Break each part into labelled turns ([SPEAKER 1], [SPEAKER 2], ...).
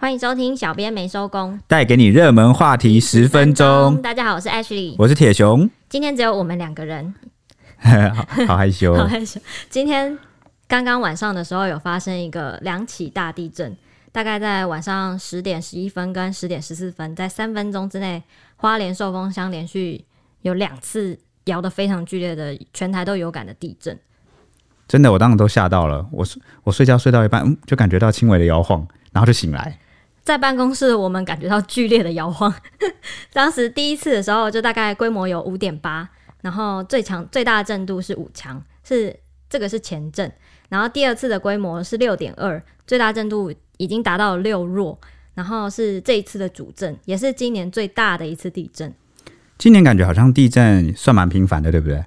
[SPEAKER 1] 歡迎收聽，小編沒收工，
[SPEAKER 2] 帶給你熱門話題十分鐘。大
[SPEAKER 1] 家好，我是 Ashley，我是鐵雄。今天只有我們兩個人
[SPEAKER 2] 好，好害羞，好害羞。
[SPEAKER 1] 今天剛剛晚上的時候，有發生一個兩起大地震，大概在晚上十點十一分跟十點十四分，在三分鐘之內，花蓮壽豐鄉連續有兩次搖得非常劇烈的全台都有感的地震。
[SPEAKER 2] 真的，我當時都嚇到了，我我睡覺睡到一半，嗯，就感覺到輕微的搖晃，然後就醒來。
[SPEAKER 1] 在辦公室，我們感覺到劇烈的搖晃。 當時第一次的時候，就大概規模有五點八，然後最強最大的震度是五強，是這個是前震。然後第二次的規模是六點二，最大震度已經達到了六弱，然後是這一次的主震，也是今年最大的一次地震。
[SPEAKER 2] 今年感覺好像地震算蠻頻繁的，對不對？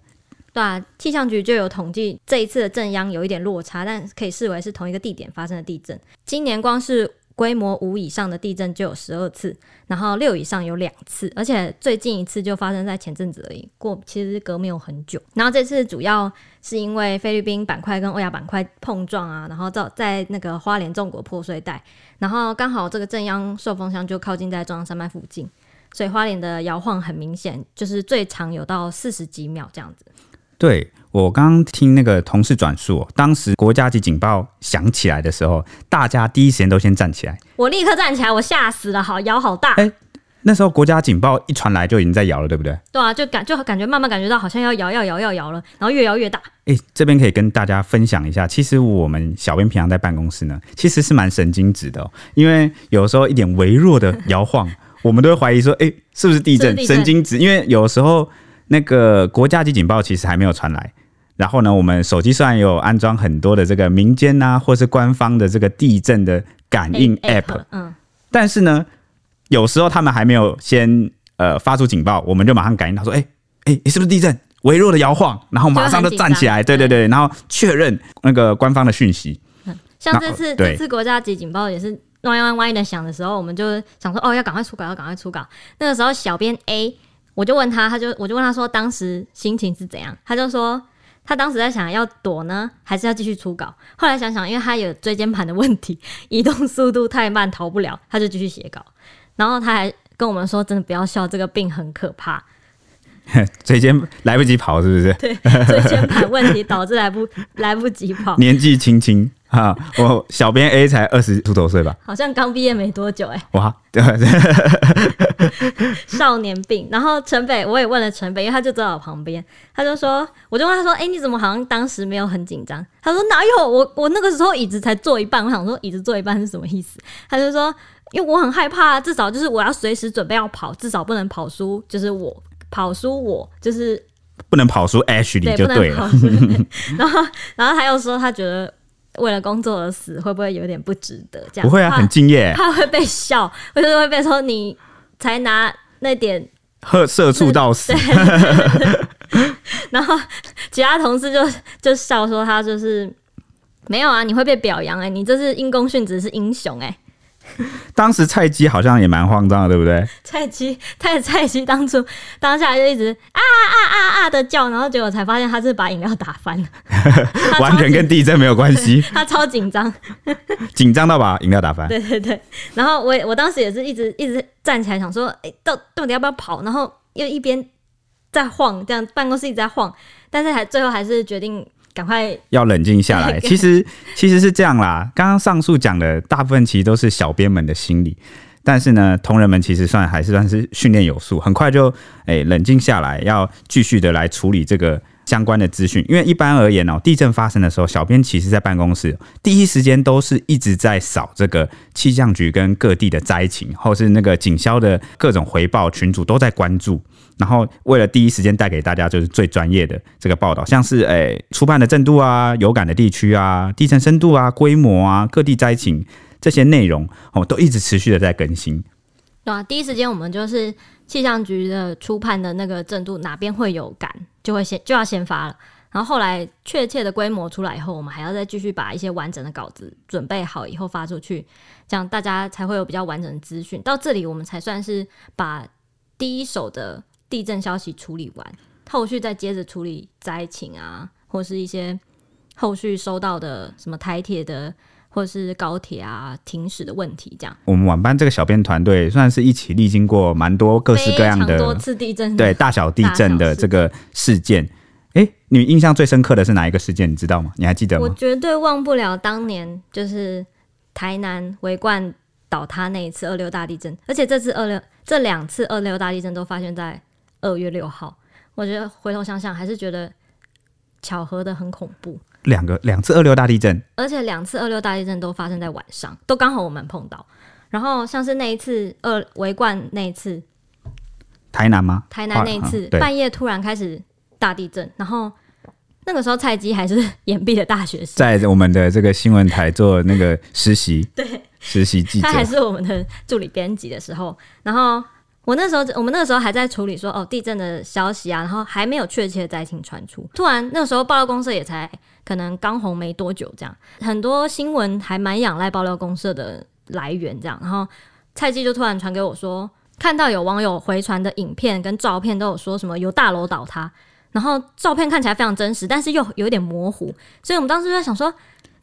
[SPEAKER 1] 對啊，氣象局就有統計，這一次的震央有一點落差，但可以視為是同一個地點發生的地震。今年光是，規模五以上的地震就有十二次，然後六以上有兩次，而且最近一次就發生在前陣子而已，過其實隔沒有很久。然後這次主要是因為菲律賓板塊跟歐亞板塊碰撞啊，然後在在那個花蓮縱谷破碎帶，然後剛好這個震央受風箱就靠近在中央山脈附近，所以花蓮的搖晃很明顯，就是最長有到四十幾秒這樣子。
[SPEAKER 2] 對。我剛剛聽那個同事轉述哦，當時國家級警報響起來的時候，大家第一時間都先站起來。
[SPEAKER 1] 我立刻站起來，我嚇死了，好搖好大。
[SPEAKER 2] 哎，那時候國家警報一傳來就已經在搖了，對不對？
[SPEAKER 1] 對啊，就感就感覺慢慢感覺到好像要搖要搖要搖了，然後越搖越大。
[SPEAKER 2] 哎，這邊可以跟大家分享一下，其實我們小編平常在辦公室呢，其實是蠻神經質的哦，因為有時候一點微弱的搖晃， 我們都會懷疑說，哎，是不是地震？神經質，因為有時候那個國家級警報其實還沒有傳來。然後呢，我們手機上有安裝很多的這個民間吶、啊，或是官方的這個地震的感應 app。嗯。但是呢，有時候他們還沒有先呃發出警報，我們就馬上感應到說：“哎、欸、哎，你、欸、是不是地震？微弱的搖晃，然後馬上就站起來。”對對對，對，然後確認那個官方的訊息。像這次對這次
[SPEAKER 1] 國家級警報也是“歪歪歪”的響的時候，我們就想說：“哦，要趕快出稿，要趕快出稿。”那個時候，小編 A 我就問他，他就我就問他說：“當時心情是怎樣？”他就說。他當時在想要躲呢，還是要繼續出稿？後來想想，因為他有椎間盤的問題，移動速度太慢，逃不了，他就繼續寫稿。然後他還跟我們說：“真的不要笑，這個病很可怕。
[SPEAKER 2] ”椎間來不及跑，是不是？對，椎間盤問
[SPEAKER 1] 題導致來不 來不及跑，年
[SPEAKER 2] 紀輕輕。啊、 哦，我小編 A 才二十出頭歲吧？好
[SPEAKER 1] 像剛畢業沒多久、欸，
[SPEAKER 2] 哎。哇，對，
[SPEAKER 1] 少年病。然後陳北我也問了陳北，因為他就坐在我旁邊，他就說，我就問他說，哎、欸，你怎麼好像當時沒有很緊張？他說哪有，我我那個時候椅子才坐一半，我想說椅子坐一半是什麼意思？他就說，因為我很害怕，至少就是我要隨時準備要跑，至少不能跑輸，就是我跑輸我就是
[SPEAKER 2] 不能跑輸 Ashley 就對了。
[SPEAKER 1] 然後然後他又說他覺得。為了工作而死，會不會有點不值得？這樣不會啊，很敬業、欸。怕會被笑，就是會被說你才拿那點，
[SPEAKER 2] 還社畜到死。
[SPEAKER 1] 然後其他同事就就笑說他就是沒有啊，你會被表揚哎、欸，你這是因公殉職是英雄哎、欸。
[SPEAKER 2] 當時菜雞好像也蠻慌張的，對不對？
[SPEAKER 1] 菜雞，他的菜雞當初當下就一直啊啊啊啊啊啊的叫，然後結果我才發現他是把飲料打翻
[SPEAKER 2] 了， 完全跟地震沒有關係。
[SPEAKER 1] 他超緊張，
[SPEAKER 2] 緊 張到把飲料打翻。對
[SPEAKER 1] 對對，然後我我當時也是一直一直站起來想說，哎、欸，到到底要不要跑？然後又一邊在晃，這樣辦公室一直在晃，但是還最後還是決定。趕快
[SPEAKER 2] 要冷靜下來。其實其實是這樣啦，剛剛上述講的大部分其實都是小編們的心理，但是呢，同仁們其實算還是算是訓練有素，很快就誒、欸、冷靜下來，要繼續的來處理這個相關的資訊。因為一般而言哦、喔，地震發生的時候，小編其實在辦公室第一時間都是一直在掃這個氣象局跟各地的災情，或是那個警消的各種回報，群組都在關注。然後，為了第一時間帶給大家就是最專業的這個報道，像是哎、欸、初判的震度啊、有感的地區啊、地震深度啊、規模啊、各地災情這些內容哦，都一直持續的在更新。
[SPEAKER 1] 對啊，第一時間我們就是氣象局的初判的那個震度哪邊會有感，就會先就要先發了。然後後來確切的規模出來以後，我們還要再繼續把一些完整的稿子準備好以後發出去，這樣大家才會有比較完整的資訊。到這裡，我們才算是把第一手的。地震消息處理完，後續再接着處理災情啊，或是一些後續收到的什麼台鐵的或是高鐵啊停駛的問題。這樣，
[SPEAKER 2] 我們晚班這個小編團隊算是一起歷經過蠻多各式各樣的多
[SPEAKER 1] 次地震的，對
[SPEAKER 2] 大小地震的這個事件。大小事。欸，你印象最深刻的是哪一個事件？你知道嗎？你還記得嗎？我
[SPEAKER 1] 絕對忘不了當年就是台南維冠倒塌那一次二六大地震，而且這次二六這兩次二六大地震都發生在。二月六號，我覺得回頭想想，還是覺得巧合得很恐怖。
[SPEAKER 2] 兩個兩次二六大地震，
[SPEAKER 1] 而且兩次二六大地震都發生在晚上，都剛好我們碰到。然後像是那一次二維冠那一次，
[SPEAKER 2] 台南嗎？台南那一次半夜
[SPEAKER 1] 突然開始大地震，啊嗯、然後那個時候菜雞還是延畢的大學生，
[SPEAKER 2] 在我們的這個新聞台做那個實習， 對，實習記者，他還是
[SPEAKER 1] 我們的助理編輯的時候，然後。我那時候，我們那個時候還在處理說，哦，地震的消息啊，然後還沒有確切災情傳出。突然，那時候爆料公社也才可能剛紅沒多久，這樣很多新聞還蠻仰賴爆料公社的來源這樣。然後蔡記就突然傳給我說，看到有網友回傳的影片跟照片，都有說什麼有大樓倒塌，然後照片看起來非常真實，但是又有點模糊，所以我們當時就在想說。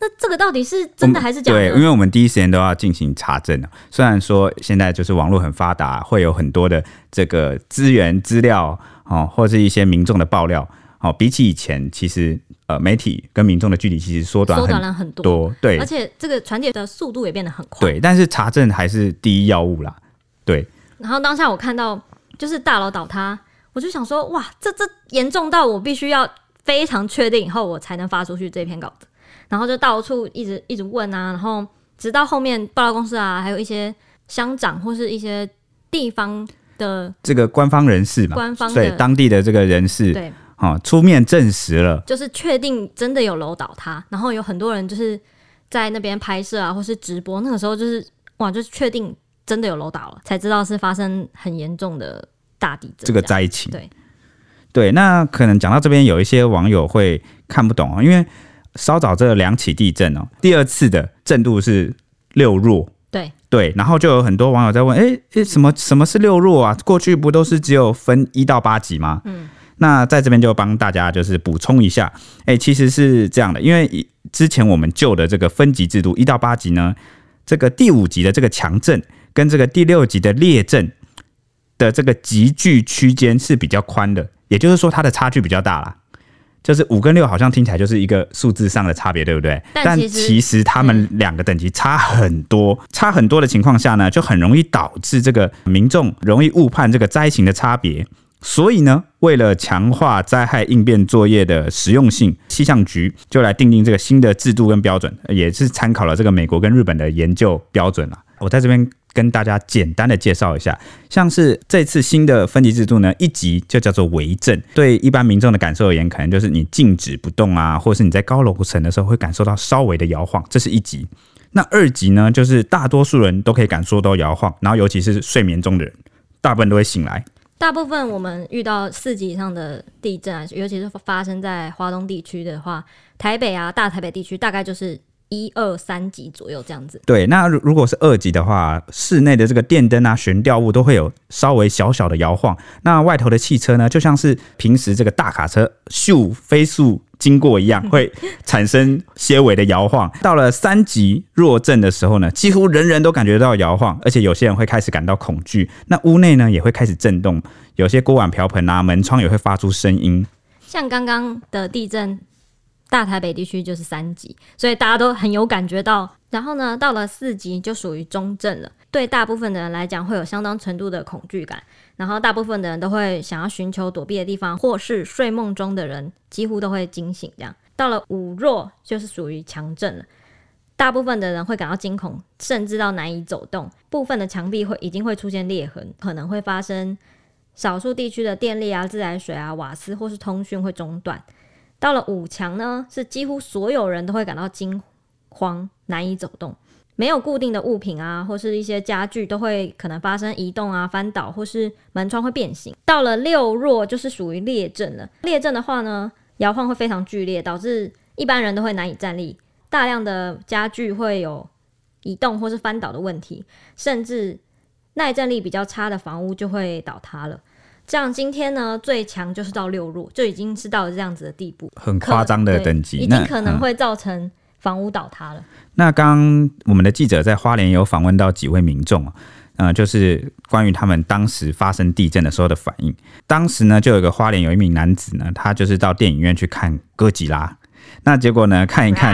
[SPEAKER 1] 那這個到底是真的還是假的、嗯？對，因為
[SPEAKER 2] 我們第一時間都要進行查證。雖然說現在就是網絡很發達，會有很多的這個資源資料哦，或者一些民眾的爆料哦，比起以前，其實呃，媒體跟民眾的距離其實縮短很縮短了很多。對，而且
[SPEAKER 1] 這個傳遞的速度也變得很快。
[SPEAKER 2] 對，但是查證還是第一要務啦。對。
[SPEAKER 1] 然後當下我看到就是大樓倒塌，我就想說哇，這這嚴重到我必須要非常確定以後我才能發出去這篇稿子。然後就到處一直一直問啊，然後直到後面報道公司啊，還有一些鄉長或是一些地方的
[SPEAKER 2] 這個官方人士嘛，官方對當地的這個人士對啊、哦、出面證實了，
[SPEAKER 1] 就是確定真的有樓倒塌，然後有很多人就是在那邊拍攝啊，或是直播。那個時候就是哇，就是確定真的有樓倒了，才知道是發生很嚴重的大地
[SPEAKER 2] 震這樣，這個災情。對對，那可能講到這邊，有一些網友會看不懂啊，因為。稍早這兩起地震哦，第二次的震度是六弱，對對，然後就有很多網友在問，哎哎，什麼什麼是六弱啊？過去不都是只有分一到八級嗎？嗯，那在這邊就幫大家就是補充一下，哎，其實是這樣的，因為之前我們舊的這個分級制度一到八級呢，這個第五級的這個強震跟這個第六級的烈震的這個級距區間是比較寬的，也就是說它的差距比較大啦。就是五跟六好像聽起來就是一個數字上的差別，對不對？但其實，但其實他們兩個等級差很多，嗯、差很多的情況下呢，就很容易導致這個民眾容易誤判這個災情的差別。所以呢，為了強化災害應變作業的實用性，氣象局就來訂定這個新的制度跟標準，也是參考了這個美國跟日本的研究標準啦。我在這邊。跟大家簡單的介紹一下，像是這次新的分級制度呢，一級就叫做微震，對一般民眾的感受而言，可能就是你靜止不動啊，或者是你在高樓層的時候會感受到稍微的搖晃，這是一級。那二級呢，就是大多數人都可以感受到搖晃，然後尤其是睡眠中的人，大部分都會醒來。
[SPEAKER 1] 大部分我們遇到四級以上的地震啊，尤其是發生在花東地區的話，台北啊，大台北地區大概就是。一二三級左右這樣子，
[SPEAKER 2] 對。那如果是二級的話，室內的這個電燈啊、懸吊物都會有稍微小小的搖晃。那外頭的汽車呢，就像是平時這個大卡車咻飛速經過一樣，會產生些微的搖晃。 到了三級弱震的時候呢，幾乎人人都感覺到搖晃，而且有些人會開始感到恐懼。那屋內呢，也會開始震動，有些鍋碗瓢盆啊、門窗也會發出聲音。
[SPEAKER 1] 像剛剛的地震。大台北地區就是三級，所以大家都很有感覺到。然後呢，到了四級就屬於中震了，對大部分的人來講會有相當程度的恐懼感。然後大部分的人都會想要尋求躲避的地方，或是睡夢中的人幾乎都會驚醒。這樣到了五弱就是屬於強震了，大部分的人會感到驚恐，甚至到難以走動。部分的牆壁會已經會出現裂痕，可能會發生少數地區的電力啊、自來水啊、瓦斯或是通訊會中斷。到了五強呢，是幾乎所有人都會感到驚慌，難以走動。沒有固定的物品啊，或是一些家具都會可能發生移動啊、翻倒，或是門窗會變形。到了六弱就是屬於烈震了。烈震的話呢，搖晃會非常劇烈，導致一般人都會難以站立，大量的家具會有移動或是翻倒的問題，甚至耐震力比較差的房屋就會倒塌了。這樣今天呢，最強就是到六弱，就已經是到了這樣子的地步，很誇張的等級，已經可能會造成房屋倒塌了。
[SPEAKER 2] 那剛、嗯、我們的記者在花蓮有訪問到幾位民眾啊，嗯、呃，就是關於他們當時發生地震的時候的反應。當時呢，就有一個花蓮有一名男子呢，他就是到電影院去看哥吉拉，那結果呢，看一看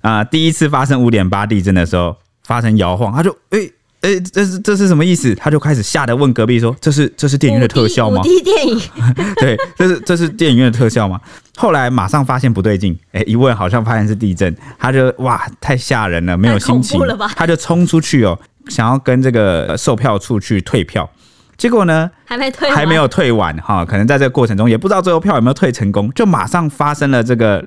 [SPEAKER 2] 啊、呃，第一次發生五點八地震的時候發生搖晃，他就哎。欸哎、欸，這是這是什麼意思？他就開始嚇得問隔壁說：“這是這是電影院的特效嗎？”五 D 電
[SPEAKER 1] 影。 對，
[SPEAKER 2] 這是這是電影院的特效嗎？後來馬上發現不對勁、欸，一問好像發現是地震，他就哇，太嚇人了，沒有心情，太恐怖了吧？他就衝出去哦，想要跟這個售票處去退票，結果呢，還沒退，還沒有退完哈、哦，可能在這個過程中也不知道最後票有沒有退成功，就馬上發生了這個。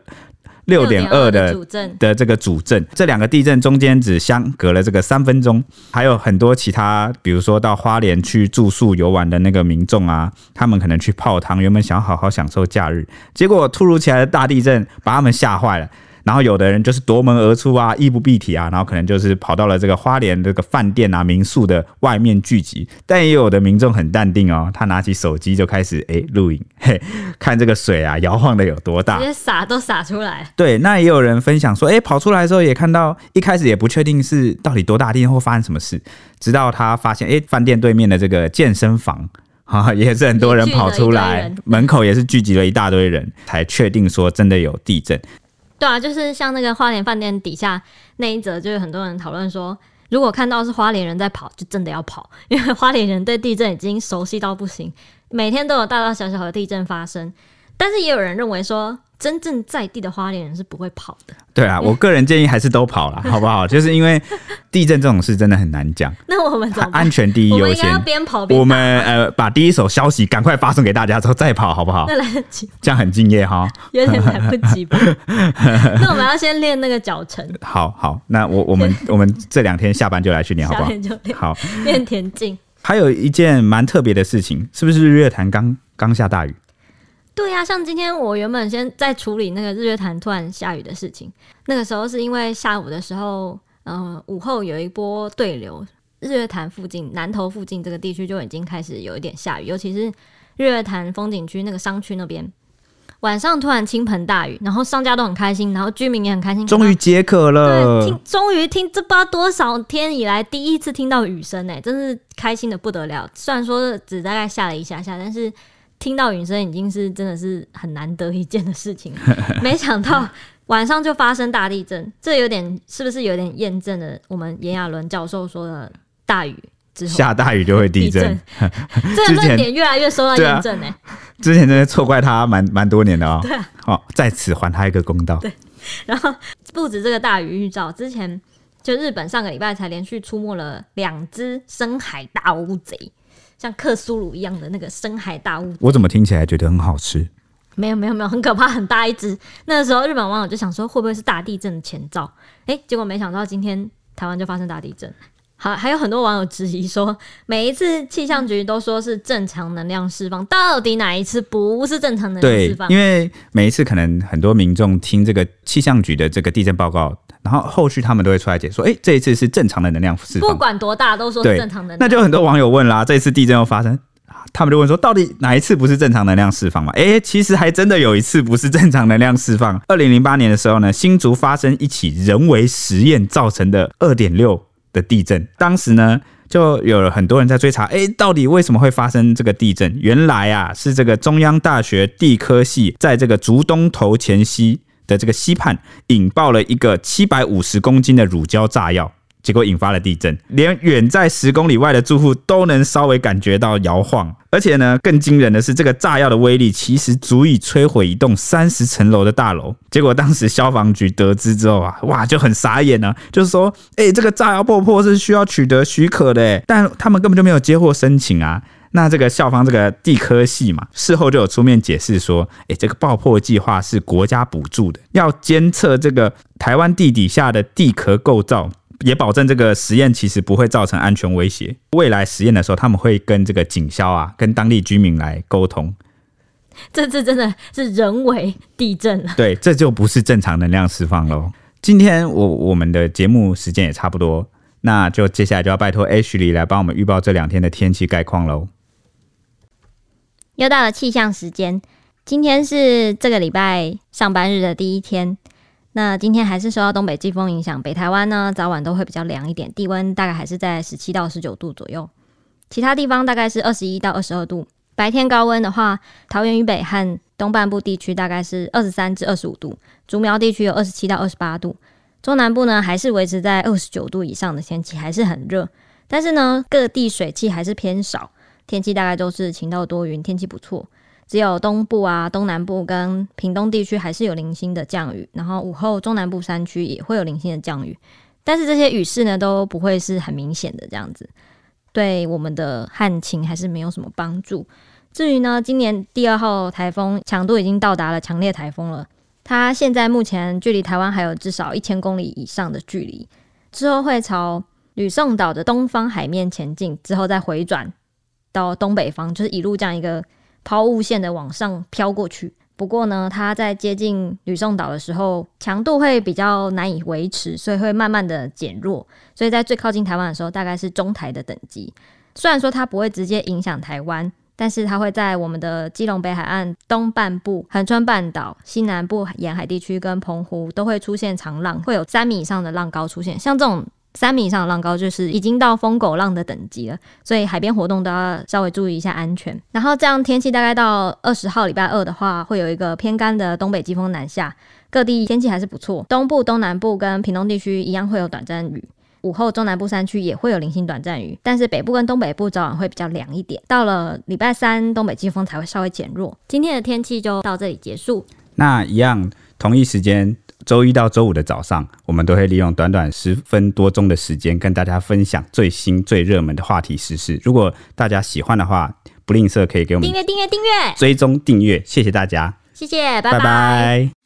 [SPEAKER 2] 六點二的的、的這個主震，這兩個地震中間只相隔了這個三分鐘，還有很多其他，比如說到花蓮去住宿遊玩的那個民眾啊，他們可能去泡湯，原本想好好享受假日，結果突如其來的大地震把他們嚇壞了。然後有的人就是奪門而出啊，衣不蔽體啊，然後可能就是跑到了這個花蓮這個飯店啊、民宿的外面聚集。但也有的民眾很淡定哦，他拿起手機就開始哎錄影，嘿，看這個水啊搖晃的有多大，直接
[SPEAKER 1] 灑都灑出來。
[SPEAKER 2] 對，那也有人分享說，哎，跑出來的時候也看到，一開始也不確定是到底多大地震或發生什麼事，直到他發現，哎，飯店對面的這個健身房哈、哦，也是很多人跑出來，門口也是聚集了一大堆人才確定說真的有地震。
[SPEAKER 1] 對啊，就是像那個花蓮飯店底下那一則，就有很多人討論說，如果看到是花蓮人在跑，就真的要跑，因為花蓮人對地震已經熟悉到不行，每天都有大大小小的地震發生。但是也有人認為說，真正在地的花蓮人是不會跑的。
[SPEAKER 2] 對啊，我個人建議還是都跑了， 好不好？就是因為地震這種事真的很難講。
[SPEAKER 1] 那我們怎麼安
[SPEAKER 2] 全第一優先？我們應該要邊跑邊打吧？我們呃，把第一手消息趕快發送給大家之後再跑，好不好？ 那來得及。這樣很敬業哈。有點來不及吧？ 那我們
[SPEAKER 1] 要先練那個腳程。
[SPEAKER 2] 好好，那我我們我們這兩天下班就來訓練，好不好？練。好，
[SPEAKER 1] 練田徑。
[SPEAKER 2] 還有一件蠻特別的事情，是不是日月潭剛剛下大雨？
[SPEAKER 1] 對呀、啊，像今天我原本先在處理那個日月潭突然下雨的事情，那個時候是因為下午的時候，呃，午後有一波對流，日月潭附近，南投附近這個地區就已經開始有一點下雨，尤其是日月潭風景區那個商區那邊，晚上突然傾盆大雨，然後商家都很開心，然後居民也很開心，終於
[SPEAKER 2] 解渴了。對聽，
[SPEAKER 1] 終於聽這不知道多少天以來第一次聽到雨聲，呢，真是開心的不得了。雖然說只大概下了一下下，但是。聽到雨聲已經是真的是很難得一見的事情。 沒想到晚上就發生大地震，這有點是不是有點驗證了我們炎亞倫教授說的大雨之後下
[SPEAKER 2] 大雨就會地震，地震 這個論點
[SPEAKER 1] 越來越受到驗證呢、欸啊。
[SPEAKER 2] 之前真的錯怪他蠻蠻多年的哦，好、啊哦、在此還他一個公道。對，
[SPEAKER 1] 然後不止這個大雨預兆，之前就日本上個禮拜才連續出沒了兩只深海大烏賊。像克蘇魯一樣的那個深海大物體。
[SPEAKER 2] 我怎麼聽起來覺得很好吃？
[SPEAKER 1] 沒有沒有沒有，很可怕，很大一隻。那時候日本網友就想說，會不會是大地震的前兆？誒、欸，結果沒想到今天台灣就發生大地震。好，還有很多網友質疑說，每一次氣象局都說是正常能量釋放，到底哪一次不是正常能量釋放？對，因為
[SPEAKER 2] 每一次可能很多民眾聽這個氣象局的這個地震報告。然後後續他們都會出來解說，哎，這一次是正常的能量釋放，不管
[SPEAKER 1] 多大都說是正常能量。那就很
[SPEAKER 2] 多網友問啦，這一次地震又發生，啊，他們就問說，到底哪一次不是正常能量釋放嘛？哎，其實還真的有一次不是正常能量釋放。二零零八年的時候呢，新竹發生一起人為實驗造成的二點六的地震，當時呢就有了很多人在追查，哎，到底為什麼會發生這個地震？原來啊是這個中央大學地科系在這個竹東頭前溪。的這個溪畔引爆了一個七百五十公斤的乳膠炸藥，結果引發了地震，連遠在十公里外的住戶都能稍微感覺到搖晃。而且呢，更驚人的是，這個炸藥的威力其實足以摧毀一棟三十層樓的大樓。結果當時消防局得知之後啊，哇，就很傻眼啊，就是說，哎、欸，這個炸藥爆破是需要取得許可的、欸，但他們根本就沒有接獲申請啊。那這個校方這個地科系嘛，事後就有出面解釋說，哎、欸，這個爆破計劃是國家補助的，要監測這個台灣地底下的地殼構造，也保證這個實驗其實不會造成安全威脅。未來實驗的時候，他們會跟這個警消啊，跟當地居民來溝通。
[SPEAKER 1] 這這真的是人為地震了？
[SPEAKER 2] 對，這就不是正常能量釋放嘍。今天我我們的節目時間也差不多，那就接下來就要拜託 Ashley 來幫我們預報這兩天的天氣概況嘍。
[SPEAKER 1] 又到了氣象時間，今天是這個禮拜上班日的第一天。那今天還是受到東北季風影響，北台灣呢早晚都會比較涼一點，低溫大概還是在十七到十九度左右。其他地方大概是二十一到二十二度。白天高溫的話，桃園以北和東半部地區大概是二十三至二十五度，竹苗地區有二十七到二十八度。中南部呢還是維持在二十九度以上的天氣，還是很熱。但是呢，各地水汽還是偏少。天氣大概都是晴到多雲，天氣不錯。只有東部啊、東南部跟屏東地區還是有零星的降雨，然後午後中南部山區也會有零星的降雨，但是這些雨勢呢都不會是很明顯的這樣子，對我們的旱情還是沒有什麼幫助。至於呢，今年第二號台風強度已經到達了強烈台風了，它現在目前距離台灣還有至少一千公里以上的距離，之後會朝呂宋島的東方海面前進，之後再迴轉。到東北方，就是一路這樣一個拋物線的往上飄過去。不過呢，它在接近呂宋島的時候，強度會比較難以維持，所以會慢慢的減弱。所以在最靠近台灣的時候，大概是中台的等級。雖然說它不會直接影響台灣，但是它會在我們的基隆北海岸東半部、恆春半島西南部沿海地區跟澎湖都會出現長浪，會有三米以上的浪高出現。像這種。三米以上的浪高就是已經到瘋狗浪的等級了，所以海邊活動都要稍微注意一下安全。然後這樣天氣大概到二十號禮拜二的話，會有一個偏乾的東北季風南下，各地天氣還是不錯。東部、東南部跟屏東地區一樣會有短暫雨，午後中南部山區也會有零星短暫雨，但是北部跟東北部早晚會比較涼一點。到了禮拜三，東北季風才會稍微減弱。今天的天氣就到這裡結束。
[SPEAKER 2] 那一樣，同一時間。週一到週五的早上，我們都會利用短短十分多鐘的時間，跟大家分享最新最熱門的話題時事。如果大家喜歡的話，不吝嗇可以給我們訂閱、
[SPEAKER 1] 訂閱、訂閱、
[SPEAKER 2] 追蹤、訂閱。謝謝大家拜
[SPEAKER 1] 拜，謝謝，拜
[SPEAKER 2] 拜。